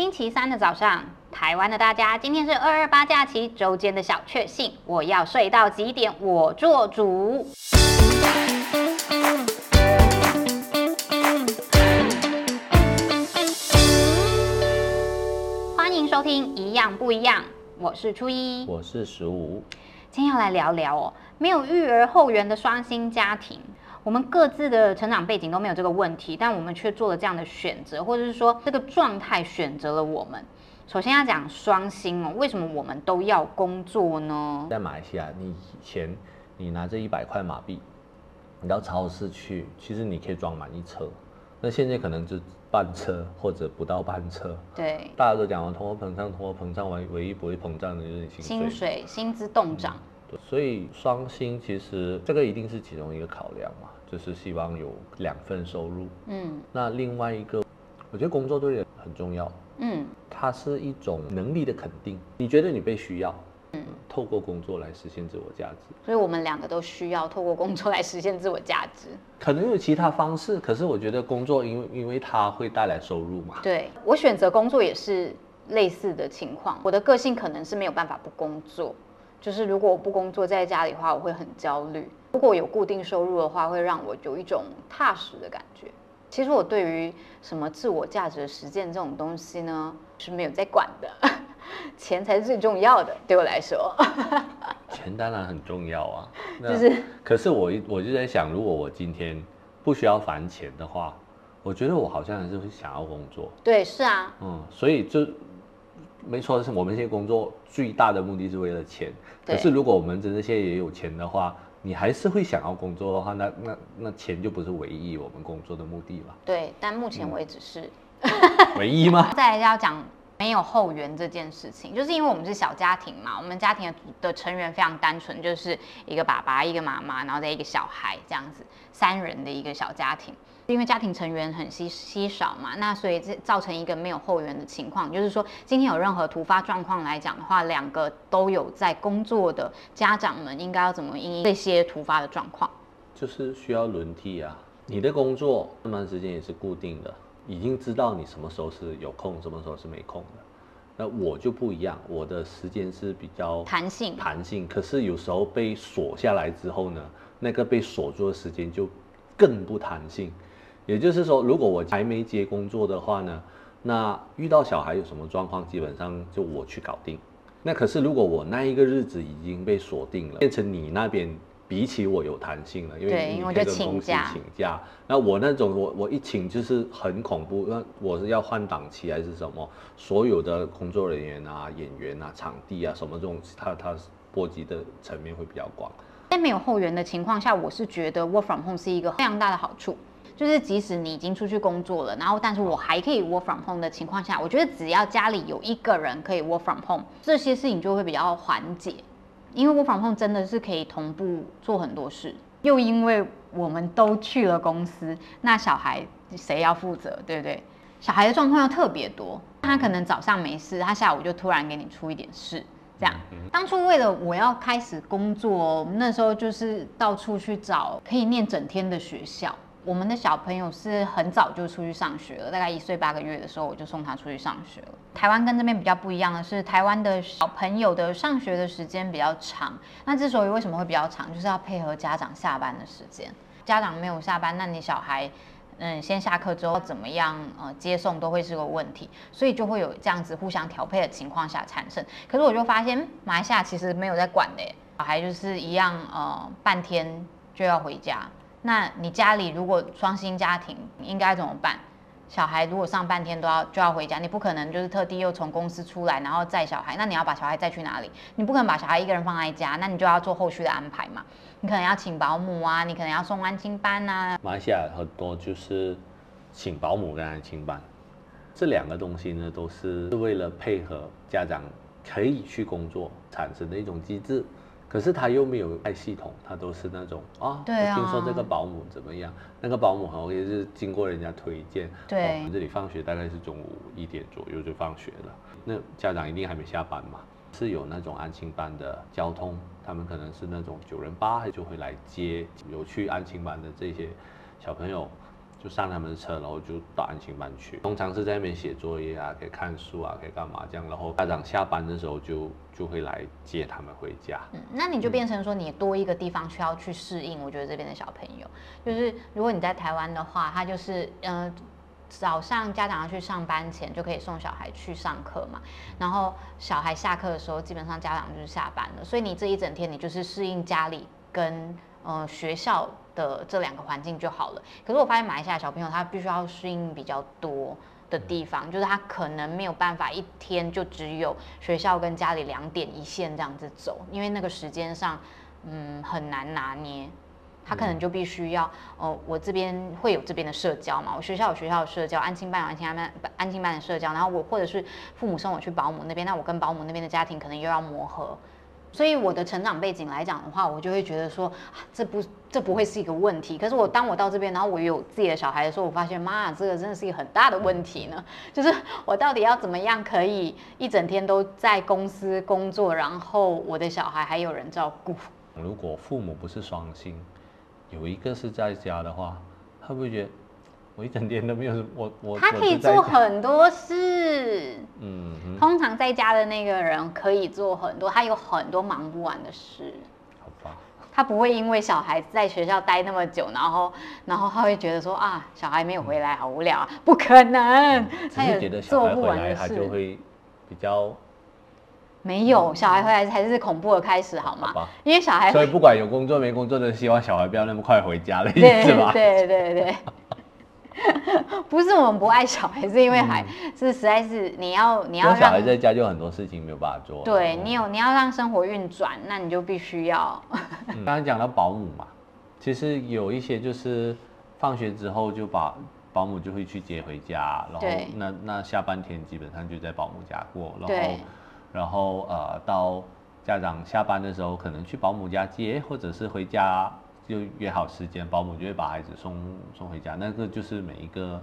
星期三的早上，台灣的大家，今天是二二八假期，週間的小確幸，我要睡到幾點，我做主。歡迎收聽《一樣不一樣》，我是初一，我是十五，今天要來聊聊哦，沒有育兒後援的雙薪家庭。我們各自的成長背景都沒有這個問題，但我們卻做了這樣的選擇，或者是說這個狀態選擇了我們。首先要講雙薪哦，為什麼我們都要工作呢？在馬來西亞，你以前你拿這一百塊馬幣，你到超市去，其實你可以裝滿一車，那現在可能就半車或者不到半車。對，大家都講完通貨膨脹，通貨膨脹完唯一不會膨脹的就是薪水，薪水薪資凍漲。嗯。所以雙薪其實這個一定是其中一個考量嘛，就是希望有兩份收入。嗯，那另外一個，我覺得工作對人很重要。嗯，它是一種能力的肯定，你覺得你被需要。嗯，透過工作來實現自我價值。所以我們兩個都需要透過工作來實現自我價值。可能有其他方式，可是我覺得工作，因為因為它會帶來收入嘛。對我選擇工作也是類似的情況，我的個性可能是沒有辦法不工作。就是如果我不工作在家裡的話，我會很焦慮。如果有固定收入的話，會讓我有一種踏實的感覺。其實我對於什麼自我價值實踐這種東西呢，是沒有在管的。錢才是最重要的，對我來說。錢當然很重要啊，就是。可是我我就在想，如果我今天不需要還錢的話，我覺得我好像還是會想要工作。對，是啊。嗯，所以就。沒錯，是我們現在工作最大的目的是為了錢。對可是如果我們真的現在也有錢的話，你還是會想要工作的話，那那那錢就不是唯一我們工作的目的了。對，但目前為止是。嗯， 唯一嗎？再來要講沒有後援這件事情，就是因為我們是小家庭嘛，我們家庭的、的成員非常單純，就是一個爸爸、一個媽媽，然後再一個小孩，這樣子三人的一個小家庭。因為家庭成員很稀稀少嘛，那所以這造成一個沒有後援的情況，就是說今天有任何突發狀況來講的話，兩個都有在工作的家長們應該要怎麼因應這些突發的狀況？就是需要輪替啊。你的工作上班時間也是固定的，已經知道你什麼時候是有空，什麼時候是沒空的。那我就不一樣，我的時間是比較彈性，彈性，彈性。可是有時候被鎖下來之後呢，那個被鎖住的時間就更不彈性。也就是說，如果我還沒接工作的話呢，那遇到小孩有什麼狀況，基本上就我去搞定。那可是，如果我那一個日子已經被鎖定了，變成你那邊比起我有彈性了，因為你可以請假，請假。那我那種我，我我一請就是很恐怖，那我是要換檔期還是什麼？所有的工作人員啊、演員啊、場地啊什麼這種他，他它波及的層面會比較廣。在沒有後援的情況下，我是覺得 Work from Home 是一個非常大的好處。就是即使你已經出去工作了，然後但是我還可以 work from home 的情況下，我覺得只要家裡有一個人可以 work from home，這些事情就會比較緩解。因為 work from home 真的是可以同步做很多事，又因為我們都去了公司，那小孩誰要負責，對不對？小孩的狀況要特別多，他可能早上沒事，他下午就突然給你出一點事，這樣。當初為了我要開始工作哦，那時候就是到處去找可以念整天的學校。我們的小朋友是很早就出去上學了，大概一歲八個月的時候我就送他出去上學了。台灣跟這邊比較不一樣的是，台灣的小朋友的上學的時間比較長。那之所以為什麼會比較長，就是要配合家長下班的時間。家長沒有下班，那你小孩，嗯，先下課之後怎麼樣？呃，接送都會是個問題，所以就會有這樣子互相調配的情況下產生。可是我就發現馬來西亞其實沒有在管嘞，小孩就是一樣，呃，半天就要回家。那你家裡如果雙薪家庭應該怎麼辦？小孩如果上半天都要就要回家，你不可能就是特地又從公司出來，然後載小孩，那你要把小孩載去哪裡？你不可能把小孩一個人放在家，那你就要做後續的安排嘛。你可能要請保姆啊，你可能要送安親班啊。馬來西亞很多就是請保姆跟安親班，這兩個東西呢，都是是為了配合家長可以去工作產生的一種機制。可是他又沒有愛系統，他都是那種、哦、對啊，聽說這個保姆怎麼樣？那個保姆好像也是經過人家推薦。對。我們、哦、這裡放學大概是中午一點左右就放學了，那家長一定還沒下班嘛？是有那種安親班的交通，他們可能是那種九人巴就會來接有去安親班的這些小朋友。就上他們的車，然後就到安心班去。通常，是在那邊寫作業啊，可以看書啊，可以幹嘛這樣。然後家長下班的時候就就會來接他們回家。嗯，那你就變成說你多一個地方需要去適應。我覺得這邊的小朋友，嗯、就是如果你在台灣的話，他就是嗯、呃、早上家長要去上班前就可以送小孩去上課嘛，然後小孩下課的時候基本上家長就是下班了。所以你這一整天你就是適應家裡跟。嗯、呃，學校的這兩個環境就好了。可是我發現馬來西亞小朋友他必須要適應比較多的地方，嗯、就是他可能沒有辦法一天就只有學校跟家裡兩點一線這樣子走，因為那個時間上，嗯，很難拿捏。他可能就必須要，哦、嗯呃，我這邊會有這邊的社交嘛，我學校有學校的社交，安親班有安親班，安親班的社交，然後我或者是父母送我去保姆那邊，那我跟保姆那邊的家庭可能又要磨合。所以我的成長背景來講的話，我就會覺得說，啊、這不這不會是一個問題。可是我當我到這邊，然後我有自己的小孩的時候，我發現媽，這個真的是一個很大的問題呢。嗯、就是我到底要怎麼樣可以一整天都在公司工作，然後我的小孩還有人照顧？如果父母不是雙薪，有一個是在家的話，會不會覺得？我一整天都沒有我我他可以做很多事，嗯哼，通常在家的那個人可以做很多，他有很多忙不完的事，吧他不會因為小孩在學校待那麼久，然後然後他會覺得說啊，小孩沒有回來好無聊啊，不可能，他也、嗯、覺得小孩回來他就會比較沒有小孩回來才是恐怖的開始好嗎？好吧因為小孩所以不管有工作沒工作都希望小孩不要那麼快回家的意思吧？對對對，對。 不是我們不愛小孩，是因為孩、嗯、是實在是你要你要小孩在家就很多事情沒有辦法做。對，你有你要讓生活運轉，那你就必須要。剛才講到保姆嘛，其實有一些就是放學之後就把保姆就會去接回家，然後那對那下半天基本上就在保姆家過，然後對然後呃到家長下班的時候可能去保姆家接或者是回家。就約好時間，保姆就會把孩子送送回家。那個就是每一個，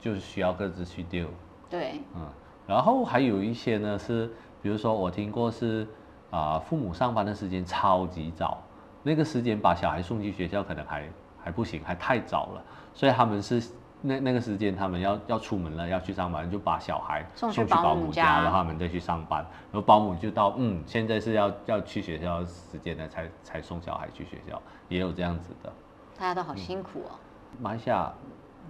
就是需要各自去 deal，對，嗯，然後還有一些呢，是，比如說我聽過是，啊、呃，父母上班的時間超級早，那個時間把小孩送去學校可能還還不行，還太早了，所以他們是。那那個時間，他們要要出門了，要去上班，就把小孩送去保姆家，家然後他們再去上班。然後保姆就到，嗯，現在是要要去學校時間呢，才才送小孩去學校，也有這樣子的。大家都好辛苦哦。嗯，馬來西亞，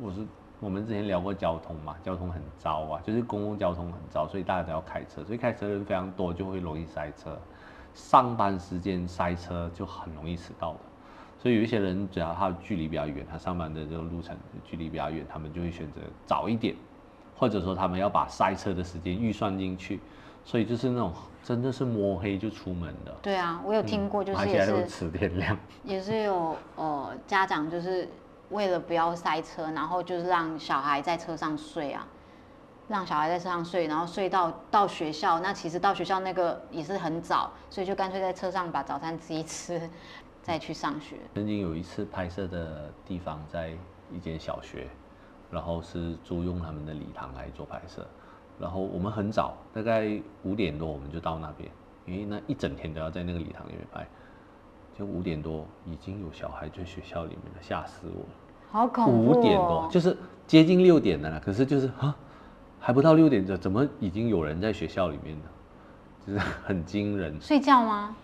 我是我們之前聊過交通嘛，交通很糟啊，就是公共交通很糟，所以大家都要開車，所以開車人非常多，就會容易塞車。上班時間塞車就很容易遲到的。所以有一些人，只要他距離比較遠，他上班的這個路程距離比較遠，他們就會選擇早一點，或者說他們要把塞車的時間預算進去，所以就是那種真的是摸黑就出門的。對啊，我有聽過，就是也有馬來西亞都遲點亮，嗯、也是有呃，家長就是為了不要塞車，然後就是讓小孩在車上睡啊，讓小孩在車上睡，然後睡到到學校，那其實到學校那個也是很早，所以就乾脆在車上把早餐自己吃。再去上學。曾經有一次拍攝的地方在一間小學，然後是租用他們的禮堂來做拍攝。然後我們很早，大概五點多我們就到那邊，因、欸、為那一整天都要在那個禮堂裡面拍，就五點多已經有小孩在學校裡面了，嚇死我了。好恐怖！哦！五點多就是接近六點了，可是就是、啊、還不到六點就怎麼已經有人在學校裡面呢？就是很驚人。睡覺嗎？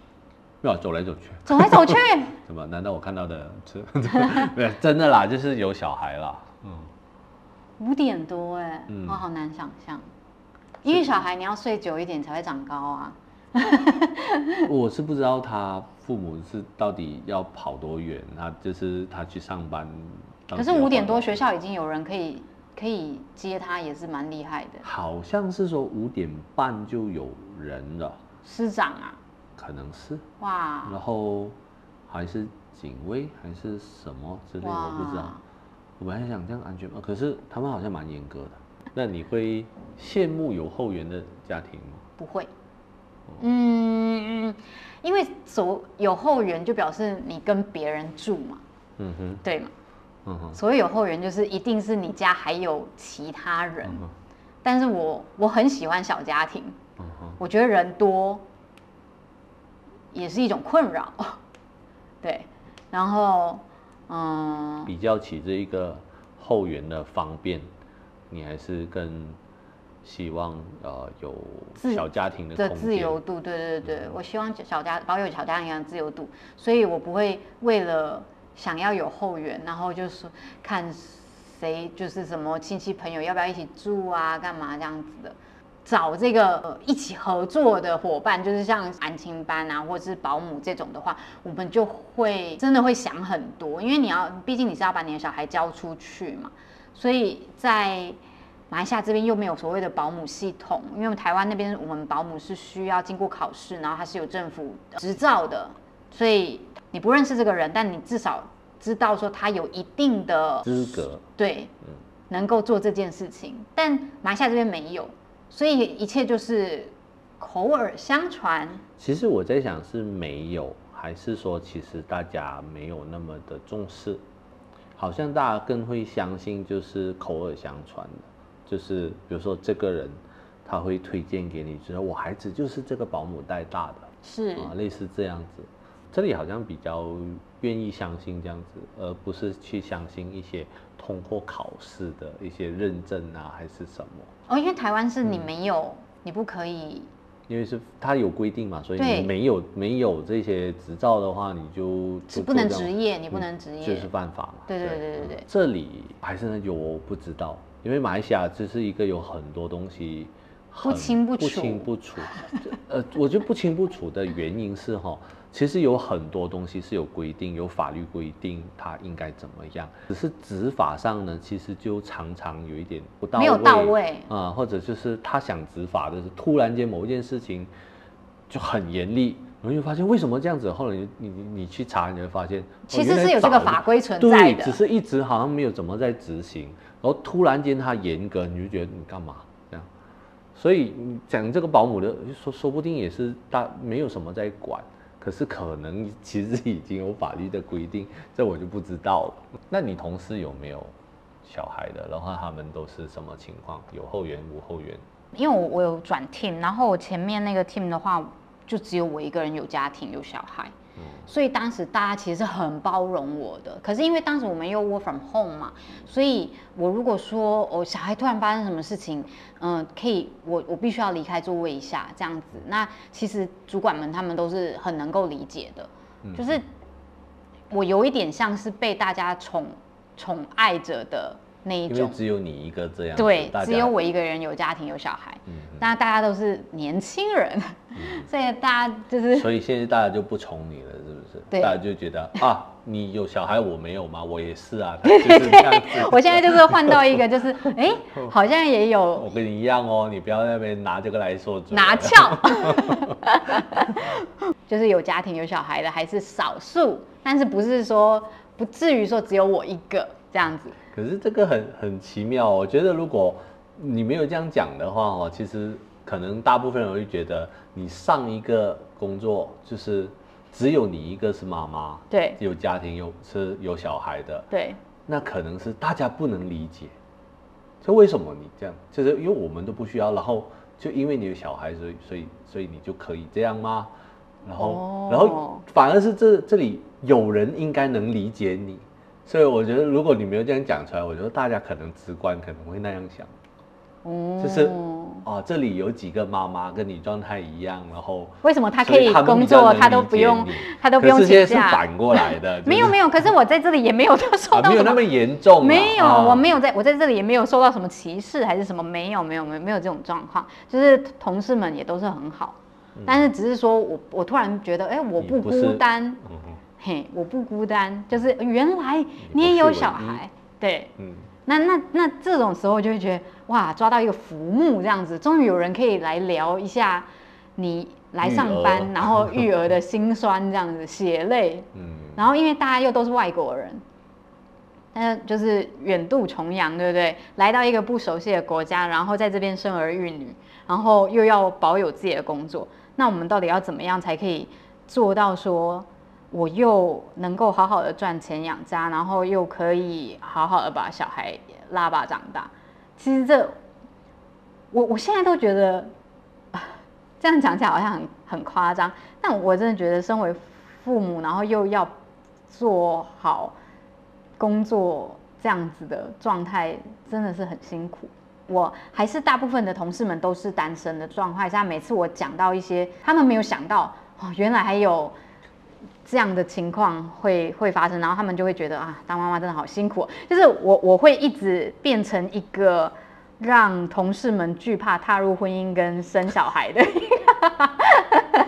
要走來走去，走來走去，什 麼？難道我看到的真的啦，就是有小孩啦。 嗯，五點多哎，嗯、我好難想象，因為小孩你要睡久一點才會長高啊。 我是不知道他父母是到底要跑多遠，他就是他去上班。可是五點多學校已經有人可以可以接他，也是蠻厲害的。好像是說五點半就有人了，師長啊。可能是哇，然後還是警衛還是什麼之類的，哇我不知道。我們還想這樣安全嘛？可是他們好像蠻嚴格的。那你會羨慕有後援的家庭嗎？不會，嗯，因為有有後援就表示你跟別人住嘛，嗯哼，對嘛，嗯哼。所謂有後援就是一定是你家還有其他人，嗯、哼但是我我很喜歡小家庭，嗯哼，我覺得人多。也是一種困擾，對，然後，嗯，比較起這一個後援的方便，你還是更希望呃有小家庭的自、自由度，對對對，嗯、我希望小家保有小家庭一樣的自由度，所以我不會為了想要有後援，然後就是看誰就是什麼親戚朋友要不要一起住啊，幹嘛這樣子的。找這個、呃、一起合作的夥伴，就是像安親班啊，或者是保姆這種的話，我們就會真的會想很多，因為你要，畢竟你是要把你的小孩交出去嘛。所以在馬來西亞這邊又沒有所謂的保姆系統，因為我們台灣那邊我們保姆是需要經過考試，然後他是有政府執照的，所以你不認識這個人，但你至少知道說他有一定的資格，對，嗯，能夠做這件事情。但馬來西亞這邊沒有。所以一切就是口耳相傳。其實我在想，是沒有，還是說其實大家沒有那麼的重視？好像大家更會相信就是口耳相傳的，就是比如說這個人他會推薦給你，覺得我孩子就是這個保姆帶大的，是啊，類似這樣子。這裡好像比較願意相信這樣子，而不是去相信一些通過考試的一些認證啊，還是什麼？哦，因為台灣是你沒有，嗯、你不可以，因為是它有規定嘛，所以你沒有對沒有這些執照的話，你就，就不能執業，你不能執業，嗯、就是犯法嘛。對，對對對對對，這裡還是有我不知道，因為馬來西亞這是一個有很多東西。不清不楚，不清不楚， 呃，我就不清不楚的原因是哈，其實有很多東西是有規定，有法律規定它應該怎麼樣，只是執法上呢，其實就常常有一點不到位，沒有到位啊、嗯，或者就是他想執法的、就是，突然間某一件事情就很嚴厲，你就發現為什麼這樣子？後來你你你去查，你會發現、哦、其實是有這個法規存在的、哦對，只是一直好像沒有怎麼在執行，然後突然間他嚴格，你就覺得你幹嘛？所以講這個保姆的說，說不定也是他沒有什麼在管，可是可能其實已經有法律的規定，這我就不知道了。那你同事有沒有小孩的？然後他們都是什麼情況？有後援無後援？因為我我有轉 team，然後我前面那個 team 的話，就只有我一個人有家庭有小孩。嗯，所以當時大家其實是很包容我的，可是因為當時我們又 work from home 嘛，所以我如果說我，哦，小孩突然發生什麼事情，嗯，呃，可以，我我必須要離開座位一下這樣子，那其實主管們他們都是很能夠理解的，就是我有一點像是被大家寵寵愛着的。那一種，因為只有你一個這樣，對，只有我一個人有家庭有小孩，那大家都是年輕人，所以大家就是，所以現在大家就不寵你了，是不是？大家就覺得啊，你有小孩我沒有嗎？我也是啊，我現在就是換到一個，就是哎，好像也有。我跟你一樣哦，你不要在那邊拿這個來說拿翹，就是有家庭有小孩的還是少數，但是不是說不至於說只有我一個。這樣子，可是這個很很奇妙、哦。我覺得，如果你沒有這樣講的話，哦，其實可能大部分人會覺得，你上一個工作就是只有你一個是媽媽，對，有家庭有是有小孩的，對，那可能是大家不能理解，所以為什麼你這樣？就是因為我們都不需要，然後就因為你有小孩，所以所以所以你就可以這樣嗎？然後、哦、然後反而是這這裡有人應該能理解你。所以我覺得，如果你沒有這樣講出來，我覺得大家可能直觀可能會那樣想，哦、嗯，就是哦、啊，這裡有幾個媽媽跟你狀態一樣，然後為什麼她可以工作，她都不用，她都不用請假？反過來的， 就是、沒有沒有，可是我在這裡也沒有受到、啊、沒有那麼嚴重，沒有、啊，我沒有在，我在這裡也沒有受到什麼歧視還是什麼，沒有沒有沒有沒有，沒有這種狀況，就是同事們也都是很好，嗯、但是只是說我我突然覺得，哎、欸，我不孤單。嘿，hey, 我不孤單，就是原來你也有小孩，對，嗯，那那那這種時候就會覺得哇，抓到一個浮木這樣子，終於有人可以來聊一下你來上班，兒然後育兒的辛酸這樣子血淚，嗯，然後因為大家又都是外國人，那就是遠渡重洋，對不對？來到一個不熟悉的國家，然後在這邊生兒育女，然後又要保有自己的工作，那我們到底要怎麼樣才可以做到說，我又能夠好好的賺錢養家，然後又可以好好的把小孩拉拔長大。其實這，我我現在都覺得，這樣講起來好像很很誇張，但我真的覺得，身為父母，然後又要做好工作，這樣子的狀態真的是很辛苦。我還是大部分的同事們都是單身的狀態，像每次我講到一些，他們沒有想到哦，原來還有。這樣的情況會會發生，然後他們就會覺得啊，當媽媽真的好辛苦哦，就是我我會一直變成一個讓同事們懼怕踏入婚姻跟生小孩的一個。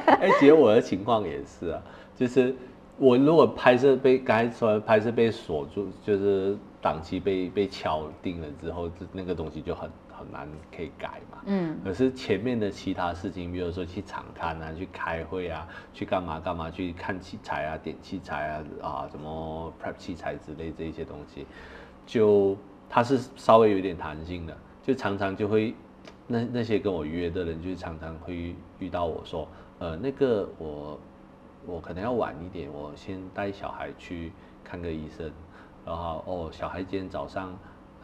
哎、 欸，其實我的情況也是啊，就是我如果拍攝被剛才說拍攝被鎖住，就是檔期被被敲定了之後，這那個東西就很。很難可以改嘛，嗯，可是前面的其他事情，比如說去場勘啊、去開會啊、去幹嘛幹嘛、去看器材啊、點器材啊、啊什麼 prep 器材之類這些東西，就它是稍微有點彈性的，就常常就會那那些跟我約的人，就常常會遇到我說，呃，那個我我可能要晚一點，我先帶小孩去看個醫生，然後哦，小孩今天早上。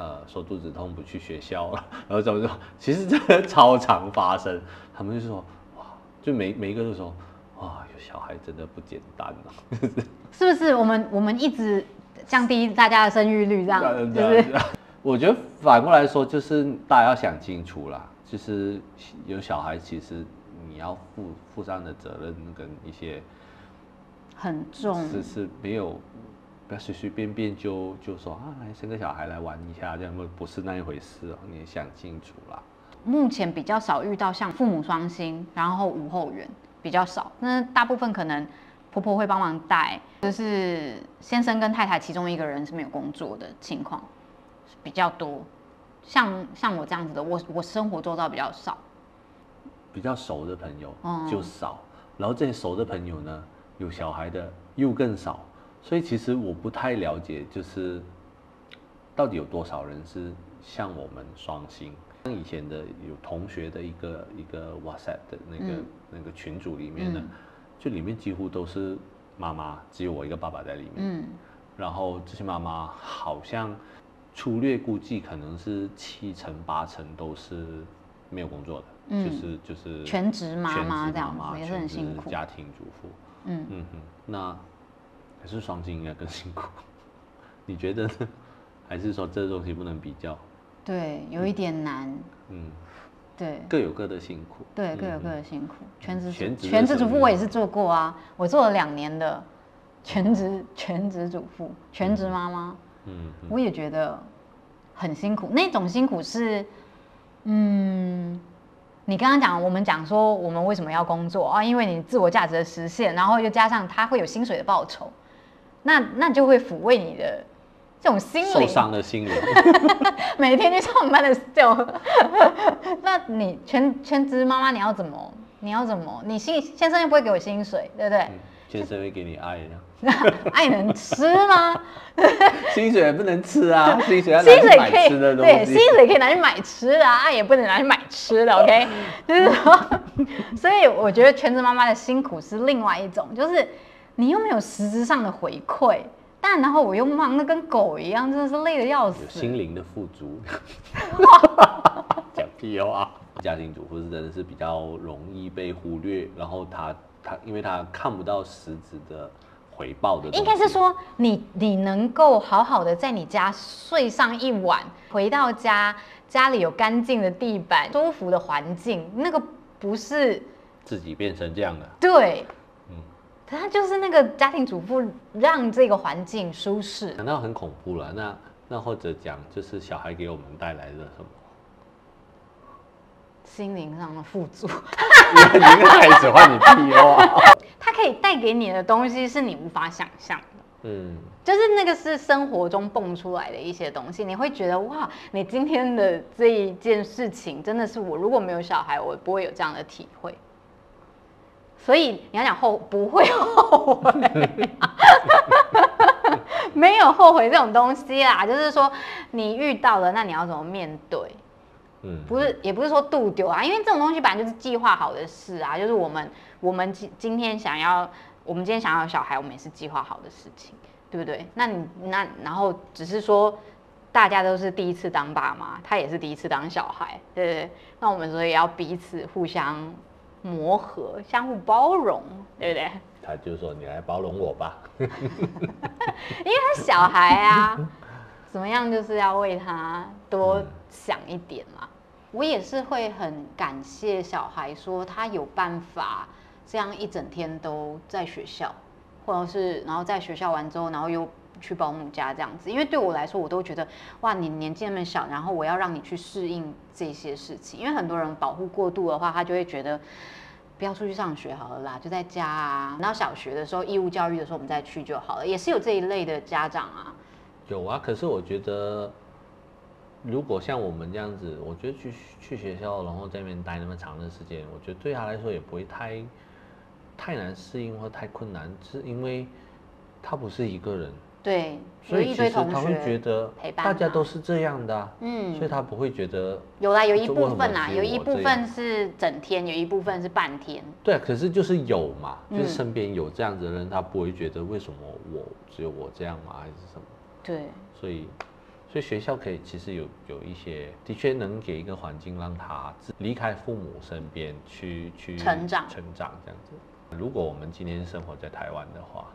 呃，說肚子痛不去學校了，然後怎麼說，其實這個超常發生，他們就說哇，就每每一個都說哇，有小孩真的不簡單了、啊，就是、是不是？我們我們一直降低大家的生育率這、就是這，這樣，就我覺得反過來說，就是大家要想清楚啦，其、就、實、是、有小孩，其實你要負負擔的責任跟一些很重，是是沒有。隨隨便便就就說啊，來生個小孩來玩一下，這樣不是那一回事哦。你也想清楚啦。目前比較少遇到像父母雙薪，然後無後援比較少。那大部分可能婆婆會幫忙帶，就是先生跟太太其中一個人是沒有工作的情況比較多。像像我這樣子的，我我生活周遭比較少，比較熟的朋友就少，嗯、然後這些熟的朋友呢，有小孩的又更少。所以其實我不太了解，就是到底有多少人是像我們雙薪，像以前的有同學的一個一個 WhatsApp 的那個那個群組裡面的，就裡面幾乎都是媽媽，只有我一個爸爸在裡面。嗯、然後這些媽媽好像粗略估計可能是七成八成都是沒有工作的，嗯、就是就是全職媽媽這樣子，也是全職家庭主婦。嗯嗯。嗯那。還是雙薪應該更辛苦，你覺得呢？還是說這東西不能比較？對，有一點難。嗯，嗯對，各有各的辛苦。對，嗯、各有各的辛苦。全職全職全職主婦，主我也是做過啊，我做了兩年的全職全職主婦，全職媽媽。嗯，嗯嗯我也覺得很辛苦。那種辛苦是，嗯，你剛剛講，我們講說我們為什麼要工作啊、哦？因為你自我價值的實現，然後又加上他會有薪水的報酬。那那就會撫慰你的這種心靈，受傷的心靈。 每天去上班的時候，那你全全職媽媽你要怎麼？你要怎麼？你心先生又不會給我薪水，對不對？嗯、先生會給你愛呢 ，愛能吃嗎？ 薪水也不能吃啊，薪水要拿去買吃的東西。對，薪水可以拿去買吃的，啊，愛、啊、也不能拿去買吃的，OK？嗯、就是說，嗯、所以我覺得全職媽媽的辛苦是另外一種，就是。你又沒有實質上的回饋，但然後我又忙得跟狗一樣，真的是累得要死。有心靈的富足，講屁話。家庭主婦是真的是比較容易被忽略，然後他他因為他看不到實質的回報的。應該是說你你能夠好好的在你家睡上一晚，回到家家裡有乾淨的地板、舒服的環境，那個不是自己變成這樣的。對。他就是那個家庭主婦，讓這個環境舒適，那很恐怖了啊！那那或者講就是小孩給我們帶來的什麼？心靈上的富足。 你一個孩子換你屁話。他可以帶給你的東西是你無法想象的。嗯，就是那個是生活中蹦出來的一些東西，你會覺得哇，你今天的這一件事情真的是，我如果沒有小孩，我不會有這樣的體會。所以你要講後不會後悔啊， 沒有後悔這種東西啦。就是說你遇到了，那你要怎麼面對？嗯，不是，也不是說度丟啊，因為這種東西本來就是計劃好的事啊。就是我們我們今今天想要，我們今天想要小孩，我們也是計劃好的事情，對不對？那你那然後只是說大家都是第一次當爸媽，他也是第一次當小孩，對不對？那我們所以要彼此互相。磨合，相互包容，對不對？他就說：“你來包容我吧， 因為他小孩啊， 怎麼樣，就是要為他多想一點嘛。嗯”我也是會很感謝小孩，說他有辦法這樣一整天都在學校，或者是然後在學校玩之後，然後又。去保姆家這樣子，因為對我來說，我都覺得哇，你年紀那麼小，然後我要讓你去適應這些事情。因為很多人保護過度的話，他就會覺得不要出去上學好了啦，就在家啊。然後小學的時候，義務教育的時候我們再去就好了。也是有這一類的家長啊，有啊。可是我覺得，如果像我們這樣子，我覺得去去學校，然後在那邊待那麼長的時間，我覺得對他來說也不會太太難適應或太困難，是因為他不是一個人。對，所以其實他會覺得，大家都是這樣的、啊，嗯，所以他不會覺得有啦，有一部分啊，有一部分是整天，有一部分是半天。對、啊，可是就是有嘛，就是身邊有這樣子的人，嗯、他不會覺得為什麼我只有我這樣嘛還是什麼？對，所以，所以學校可以其實有有一些，的確能給一個環境讓他離開父母身邊去去成長成長這樣子。如果我們今天生活在台灣的話。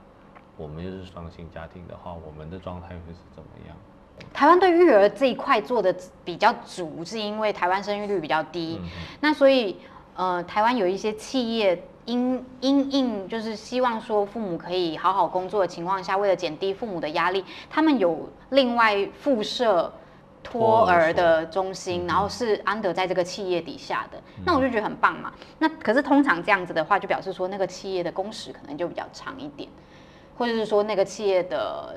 我們又是雙薪家庭的話，我們的狀態會是怎麼樣？台灣對育兒這一塊做的比較足，是因為台灣生育率比較低。嗯、哼那所以，呃，台灣有一些企業因因應，就是希望說父母可以好好工作的情況下，為了減低父母的壓力，他們有另外附設托兒的中心，嗯、哼然後是 under 在這個企業底下的。嗯、哼那我就覺得很棒嘛。那可是通常這樣子的話，就表示說那個企業的工時可能就比較長一點。或者是說那個企業的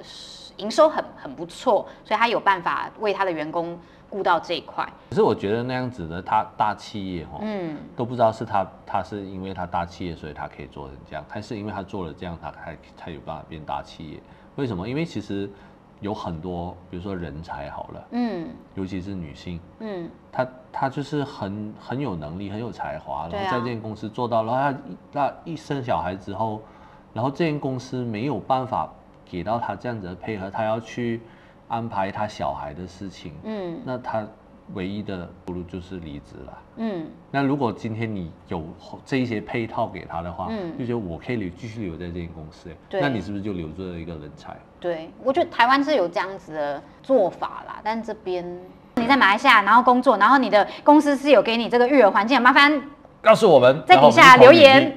營收很很不錯，所以他有辦法為他的員工顧到這一塊。可是我覺得那樣子的他大企業、哦、嗯，都不知道是他他是因為他大企業所以他可以做成這樣，還是因為他做了這樣他才才有辦法變大企業？為什麼？因為其實有很多，比如說人才好了，嗯，尤其是女性，嗯，他他就是很很有能力、很有才華，然後在這間公司做到了，啊、他那一生小孩之後。然後這間公司沒有辦法給到他這樣子的配合，他要去安排他小孩的事情，嗯，那他唯一的出路就是離職了，嗯，那如果今天你有這些配套給他的話，嗯，就覺得我可以留，繼續留在這間公司，對、嗯，那你是不是就留住了一個人才？對，對，我覺得台灣是有這樣子的做法啦，但這邊對你在馬來西亞，然後工作，然後你的公司是有給你這個育兒環境，麻煩。告訴我們在底下留言，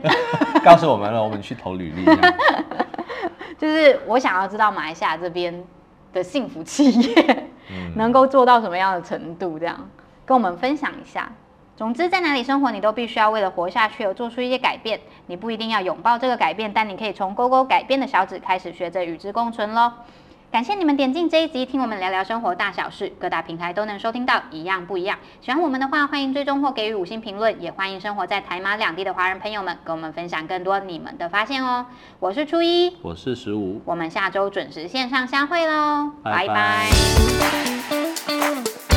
告訴我們讓我們去投履歷。留言 履 就是我想要知道馬來西亞這邊的幸福企業能夠做到什麼樣的程度，這樣、嗯、跟我們分享一下。總之，在哪裡生活你都必須要為了活下去而做出一些改變。你不一定要擁抱這個改變，但你可以從勾勾改變的小指開始，學着與之共存嘍。感謝你們點進這一集，聽我們聊聊生活大小事。各大平台都能收聽到，一樣不一樣。喜歡我們的話，歡迎追蹤或給予五星評論。也歡迎生活在台馬兩地的華人朋友們，跟我們分享更多你們的發現哦。我是初一，我是十五，我們下周準時線上相會嘍，拜拜。拜拜。